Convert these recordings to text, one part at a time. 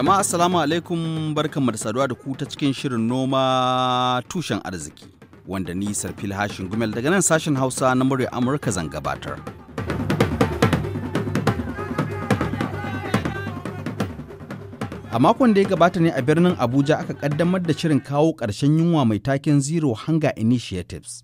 Jama'a assalamu alaikum barkan da saduwa da ku ta cikin shirin noma tushen arziki wanda ni Sarfil Hashin Gumel daga nan sashen Hausa na murya Amurka zan gabatar. A makon da ya gabata ne a birnin Abuja aka kaddamar da shirin kawo ƙarshen yunwa mai takin Zero Hunger Initiatives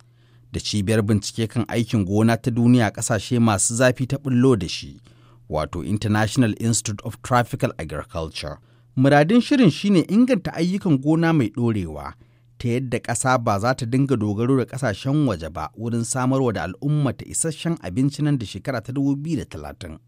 da cibiyar bincike kan aikin gona ta duniya ƙasashe masu zafi ta bullo da shi wato International Institute of Tropical Agriculture. Muradin shirin shine inganta ayyukan gona mai ɗorewa ta yadda ƙasa ba za ta dinga dogaro da ƙasashen waje ba wurin samarwa da al'umma ta isasshen abinci nan da shekara ta dubu biyu da 2030.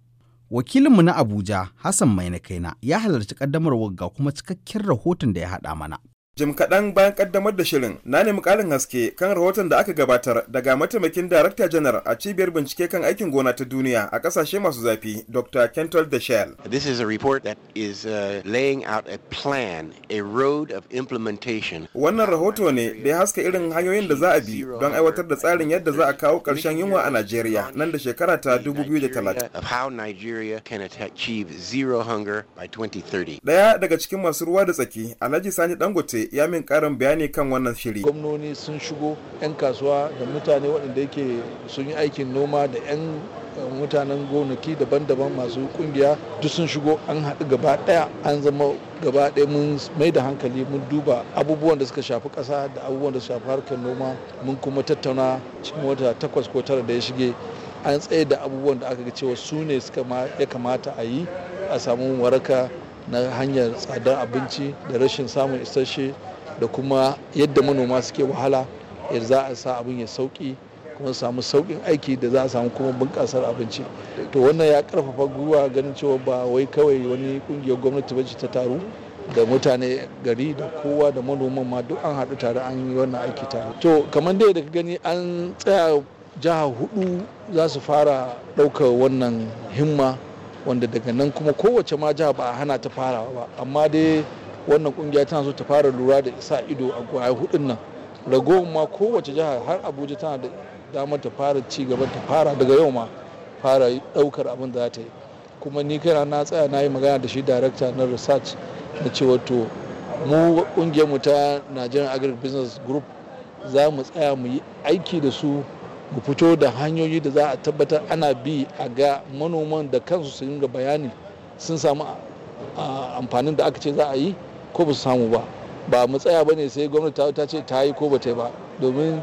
Wakilinmu na Abuja, Hassan Mainakaina, ya halarci ƙaddamarwar ga kuma cikakken rahoton da ya haɗa mana. jim kaɗan bayan ƙaddamar da shirin na nemi ƙarin haske kan rahoton da aka gabatar daga mataimakin darakta janar a cibiyar bincike kan aikin gona ta duniya a ƙasashe masu zafi dr kentol shell this is a report that is uh, laying out a plan a road of implementation wannan rahoto ne da ya haska irin hanyoyin da za a bi don aiwatar da tsarin yadda za a kawo ƙarshen yunwa a najeriya nan da shekara ta 2030 of how nigeria can achieve zero hunger by 2030 daya daga cikin masu ruwa da tsaki alhaji sani dangote yamin ya karin bayani kan wannan shiri. Gwamnoni sun shigo 'yan kasuwa da mutane waɗanda yake sun yi aikin noma da 'yan eh, mutanen gonaki daban-daban masu kungiya duk sun shigo an haɗu gaba ɗaya an zama gaba ɗaya mun mai da hankali mun duba abubuwan da suka shafi ƙasa da abubuwan da suka shafi harkar noma mun kuma tattauna cikin wata takwas ko tara da ya shige an tsaye da abubuwan da aka ga cewa su ne suka ya kamata a yi a samu waraka na hanyar tsadar abinci da rashin samun isasshe da kuma yadda manoma suke wahala yadda za a sa abin ya sauki kuma samu saukin aiki da za a samu kuma bunƙasar abinci to wannan ya karfafa gwiwa ganin cewa ba wai kawai wani ƙungiyar gwamnati ba ta taru da mutane gari da kowa da manoman ma duk an haɗu tare an yi wannan aiki tare to kamar dai daga gani an tsaya jiha hudu za su fara ɗaukar wannan himma wanda daga nan kuma kowace ma jiha ba a hana ta farawa ba amma dai wannan kungiya tana so ta fara lura da isa ido a gwaya hudun nan ragowar ma kowace jiha har abuja tana da damar ta fara ci gaba ta fara daga yau ma fara daukar abin da za ta yi kuma ni kana na tsaya na yi magana da shi darakta na research na cewa to mu kungiyar mu ta nigerian business group za mu tsaya mu yi aiki da su mu fito da hanyoyi da za a tabbatar ana bi a ga manoman da kansu su dinga bayani sun samu amfanin da aka ce za a yi ko ba su samu ba ba mu tsaya ba ne sai gwamnati ta ce ta yi ko ba ta ba domin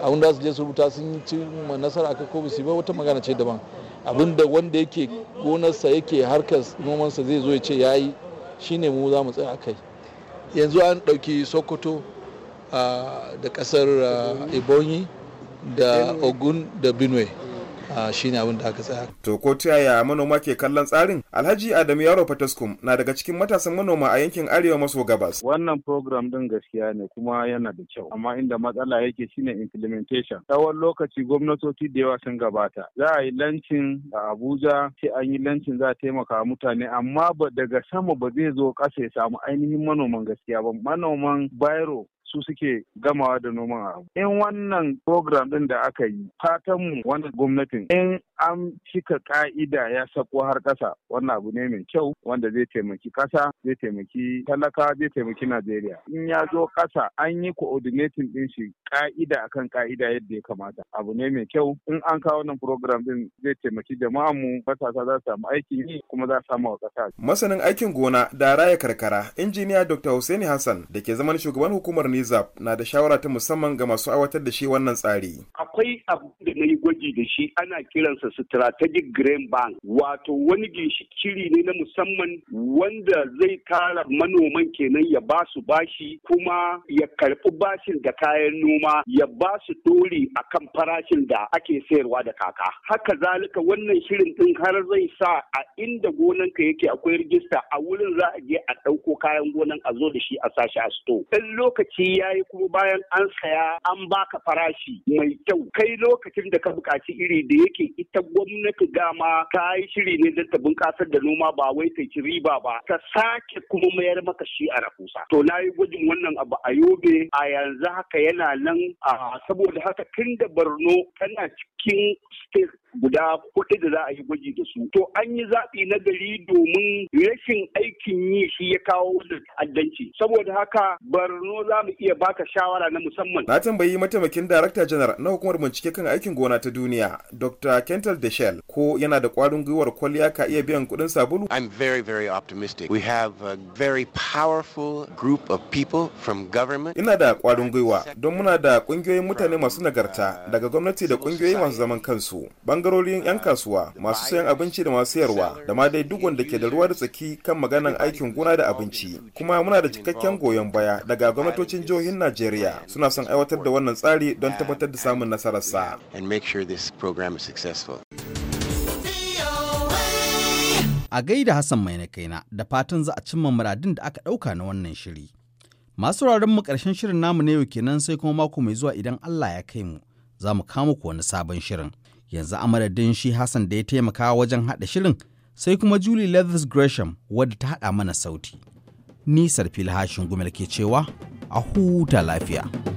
abin da su je su rubuta sun ci nasara aka ko ba su yi ba wata magana ce daban abin da wanda yake gonarsa yake harkar nomansa zai zo ya ce ya yi shine mu za mu tsaya kai yanzu an ɗauki sokoto da kasar ebonyi da ogun da benue Uh, ah, shi ne abin da aka tsaya. To ko ta yaya manoma ke kallon tsarin? Alhaji Adamu Yaro Fataskum na daga cikin matasan manoma a yankin Arewa maso gabas. Wannan program din gaskiya ne kuma yana da kyau. Amma inda matsala yake shine implementation. Tsawon lokaci gwamnatoci da yawa sun gabata. Za a yi lancin a Abuja sai an yi lancin za a taimaka mutane amma daga sama ba zai zo ƙasa ya samu ainihin manoman gaskiya ba. Manoman Bairo su suke gamawa da noman abu. In wannan program ɗin da aka yi fatanmu wannan gwamnatin in an cika ka'ida ya sako har ƙasa wannan abu ne mai kyau wanda zai taimaki ƙasa zai taimaki talaka zai taimaki Najeriya. In ya zo ƙasa an yi coordinating ɗin shi ka'ida akan ka'ida yadda ya kamata abu ne mai kyau in an kawo wannan program ɗin zai taimaki mu matasa za su samu aikin yi kuma za su samu wa ƙasa. Masanin aikin gona da raya karkara injiniya Dr. Hussaini Hassan da ke zaman shugaban hukumar mizab na da shawara ta musamman ga masu aiwatar da shi wannan tsari akwai abu da na yi gwaji da shi ana kiransa strategic grain bank wato wani ginshikiri ne na musamman wanda zai tara manoman kenan ya ba su bashi kuma ya karɓi bashin da kayan noma ya ba su a kan farashin da ake sayarwa da kaka haka zalika wannan shirin din har zai sa a inda gonanka yake akwai rijista a wurin za a je a ɗauko kayan gonan a zo da shi a sashi a sto in lokaci ya yi kuma bayan an saya an baka farashi mai kyau kai lokacin da ka buƙaci iri da yake ita gwamnati dama ta yi shiri ne don ta bunƙasar da noma ba wai ta ci riba ba ta sake kuma mayar maka shi a rahusa to na yi gwajin wannan abu a yobe a yanzu haka yana nan a saboda haka tun da borno tana cikin guda kuɗi da za a yi gwaji da su to an yi zaɓi na gari domin rashin aikin yi shi ya kawo da addanci saboda haka barno za mu iya baka shawara na musamman na tambayi mataimakin darakta janar na hukumar bincike kan aikin gona ta duniya dr kental deshel ko yana da kwarin gwiwar kwalliya ka iya biyan kuɗin sabulu i'm very very optimistic we have a very powerful group of people from government ina da kwarin gwiwa don muna da ƙungiyoyin mutane masu nagarta daga gwamnati da ƙungiyoyi masu zaman kansu bangarorin 'yan kasuwa masu sayan abinci da masu sayarwa da ma dai duk wanda ke da ruwa da tsaki kan maganar aikin gona da abinci kuma muna da cikakken goyon baya daga gwamnatocin jihohin najeriya suna son aiwatar da wannan tsari don tabbatar da samun nasararsa a gaida Hassan mai na kaina da fatan za a cimma muradin da aka ɗauka na wannan shiri. Masu mu ƙarshen shirin namu ne yau kenan sai kuma mako mai zuwa idan Allah ya kai mu za mu kama ku wani sabon shirin. yanzu a madadin shi Hassan da ya taimaka wajen haɗa shirin sai kuma Julie Leathers Gresham wadda ta haɗa mana sauti. Ni Sarfil Hashin Gumel ke cewa a huta lafiya.